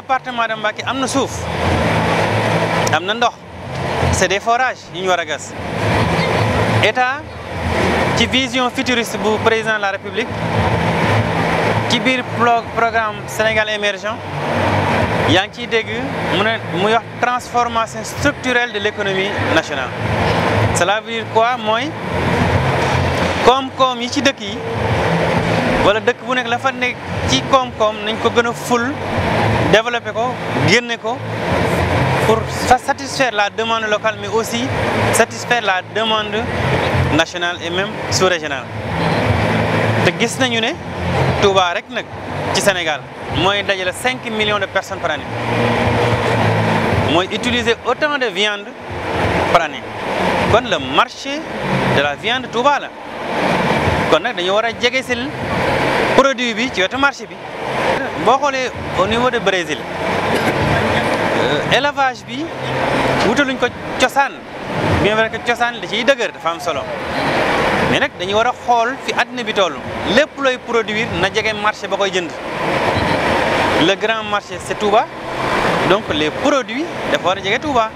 département de Mbacké am na suuf am na ndox c'est des forages yu ñu war a gas état ci vision futuriste bu président de la république ci biir programme Sénégal émergent yaa ngi ciy dégg mu ne muy wax transformation structurelle de l'économie nationale cela veut dire quoi mooy koom-koom yi ci dëkk yi wala dëkk bu nekk la fa nekk ci koom-koom nañ ko gën a ful développé ko génne ko pour satisfaire la demande locale mais aussi satisfaire la demande national et même sous-régionale te gis nañu ne Touba rek nag ci Sénégal mooy dajale cinq millions de personnes par année mooy utiliser autant de viande par année kon le marché de la viande Touba la kon nag dañoo war a jege sil produit bi ci wetu marché bi boo xoolee au niveau de Brésil euh, élevage bi wute luñ ko cosaan bien vrai que cosaan da ci dëgër dafa am solo mais nag dañu war a xool fi àddina bi toll lépp looy produire na jege marché ba koy jënd le grand marché c'est Touba donc les produits dafa war jege Touba